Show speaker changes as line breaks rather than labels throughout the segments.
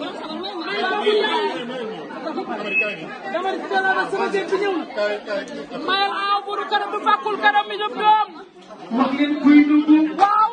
dama di teel a ba sama dégg ñëw mayal aaw bu nu kanam du fàkkul kanam mi ñoom ñoom. wax leen kuy dund. waaw.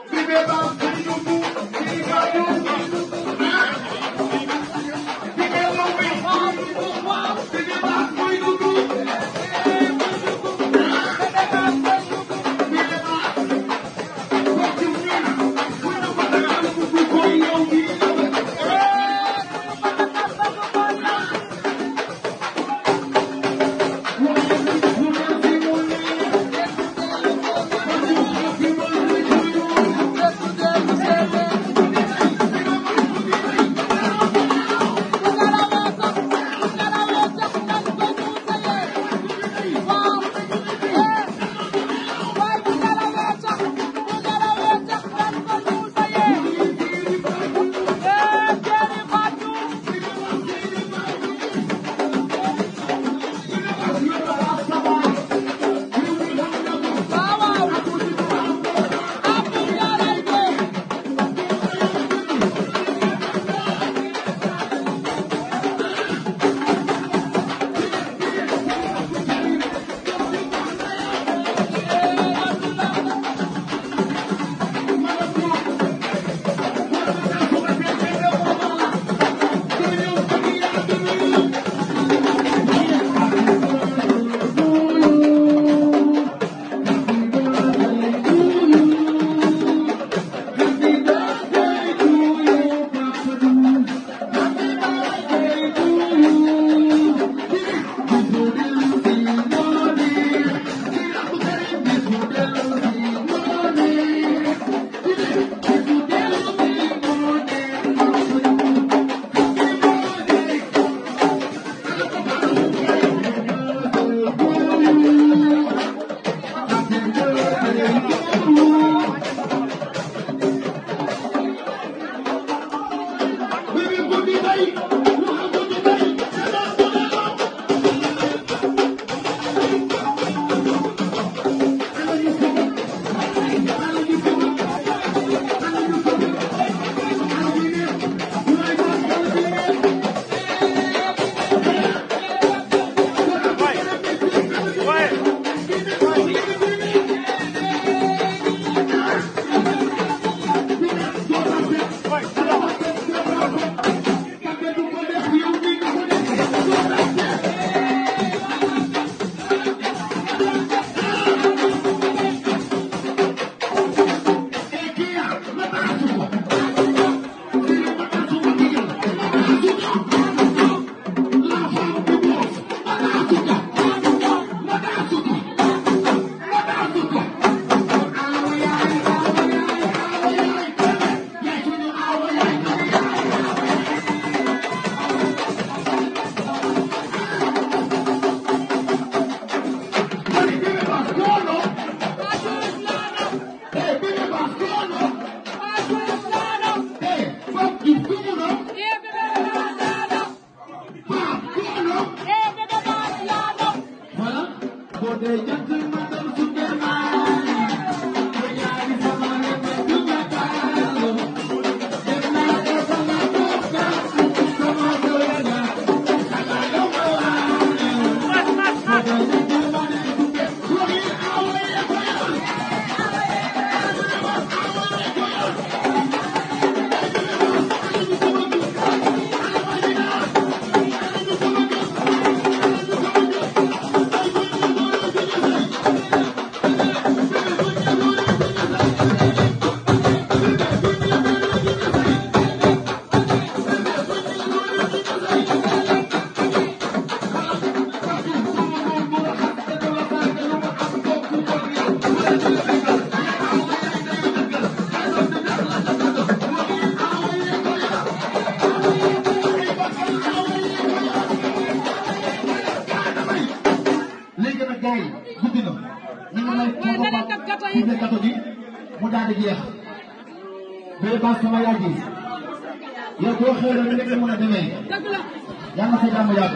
dëgg la yàlla na sa jàmm yàgg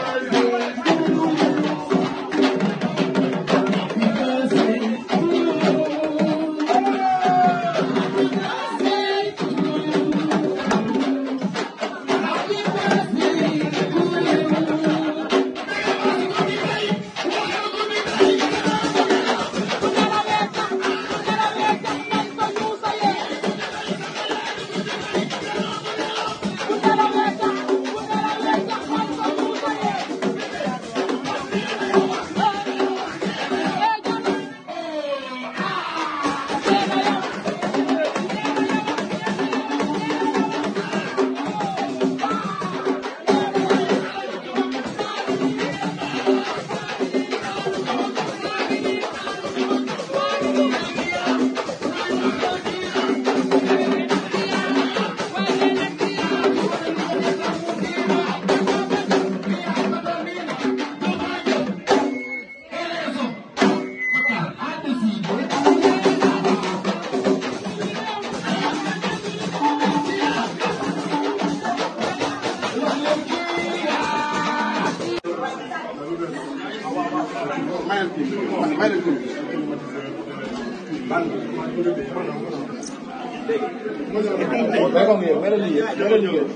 mel ni yéen mel ni yéen.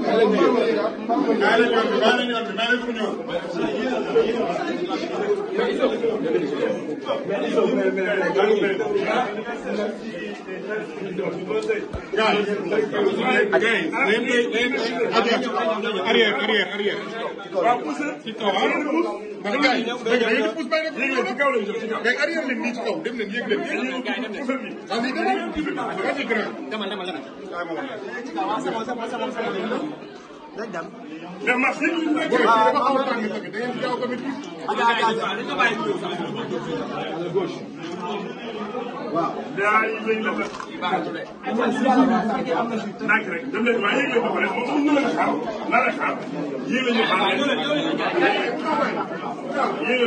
mel ni yéen. mel ni yéen. mais gars yi dañuy pousse bàyyi leen ko ci kaw lañu jëm ci kaw mais arrière leen nii ci kaw dem leen yéeg leen yéeg leen pousse leen nii ah lii dama dama dama dama dañ dem. mais merci. waaw waaw waaw da ngeen jaww ko nit. Adja Adja waaw. daa yi lay def rek. naaj rek dem leen waaye yéen ñëw ba pare moom moom la xaar la la xaar yéen la ñu xaar rek. yéen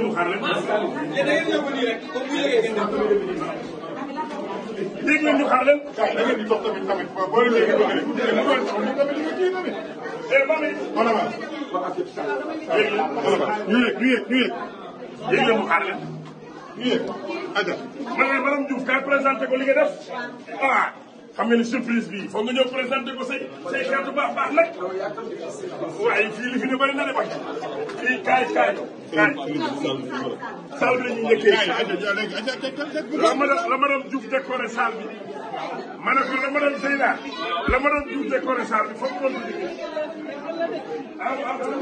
la ñu xaar rek. léegi leen ñu xaar leen. da ngeen di dox tamit tamit
boo leen léegi doxalee.
léegi mu doon soxla tamit ñu kii tamit. eh ba léegi. ma ne ma léegi la ñu yëg ñu yëg ñu yëg. léegi leen mu xaar leen. ñu yëg. man la madame Diouf kay présenté ko li nga def. voilà. Ah. xam nga ne surprise bi foog nga ñëw présenté ko say say xeetu baax baax nag waaye fii li fi ne bëri na de wax fii kaay kaay kaay salle bi la ñuy njëkkee la madame Diouf décoré salle bi ma ne ko la ma doon Seyda la ma doon tuuti Kole Sarr bi foog doon tuuti ah ah. waaw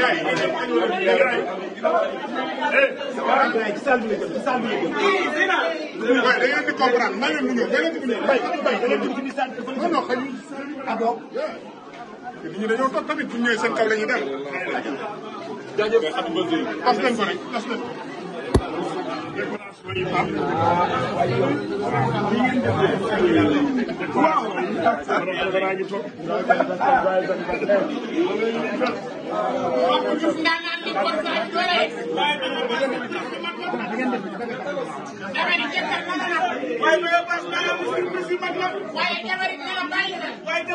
kay. waaw kay. nit ñi dañoo toog tamit bu ñëwee seen kaw la ñuy dal. jaajëf tas nañ ko rek tas nañ ko. waaw.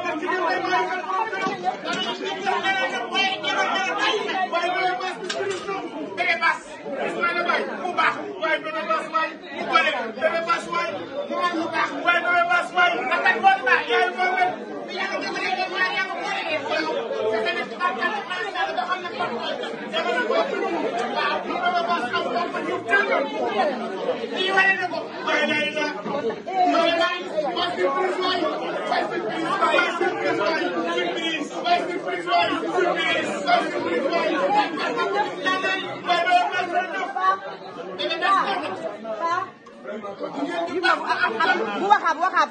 lii wane na ko waaye day la mooy laaj mooy surprise waay mooy surprise waay surprise waay surprise waay surprise waay surprise waay bu waxaat waxaat.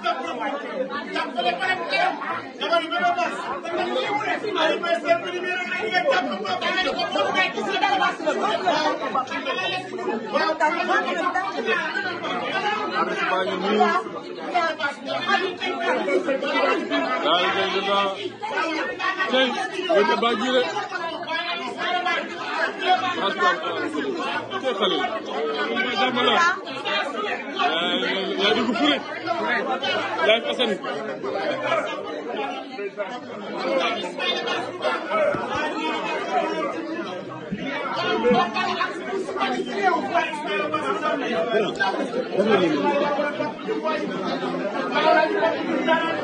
waaw. laa dugg fure laa fasan Thank you.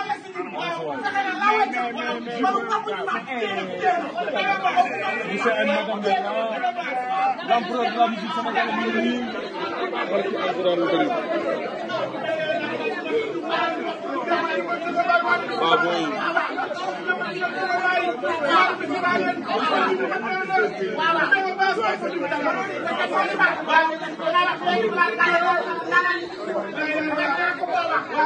monsieur et madame Dalla dans programme du Sénégal mi ngi nii barki alxuraanu karim waaw booy waaw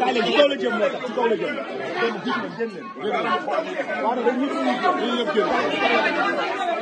kaay leen ci kaw la jëm moo tax ci kaw la jëm kon gis na génn leen waaw nag ñëpp ñu génn ñëpp génn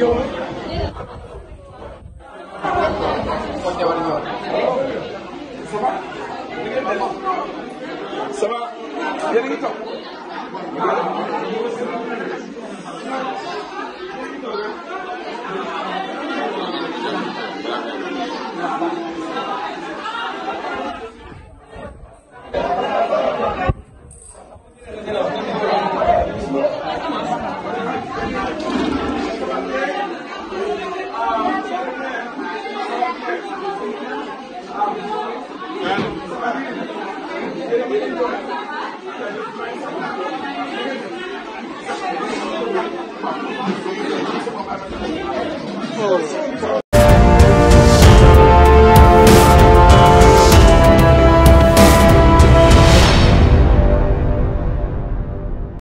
有。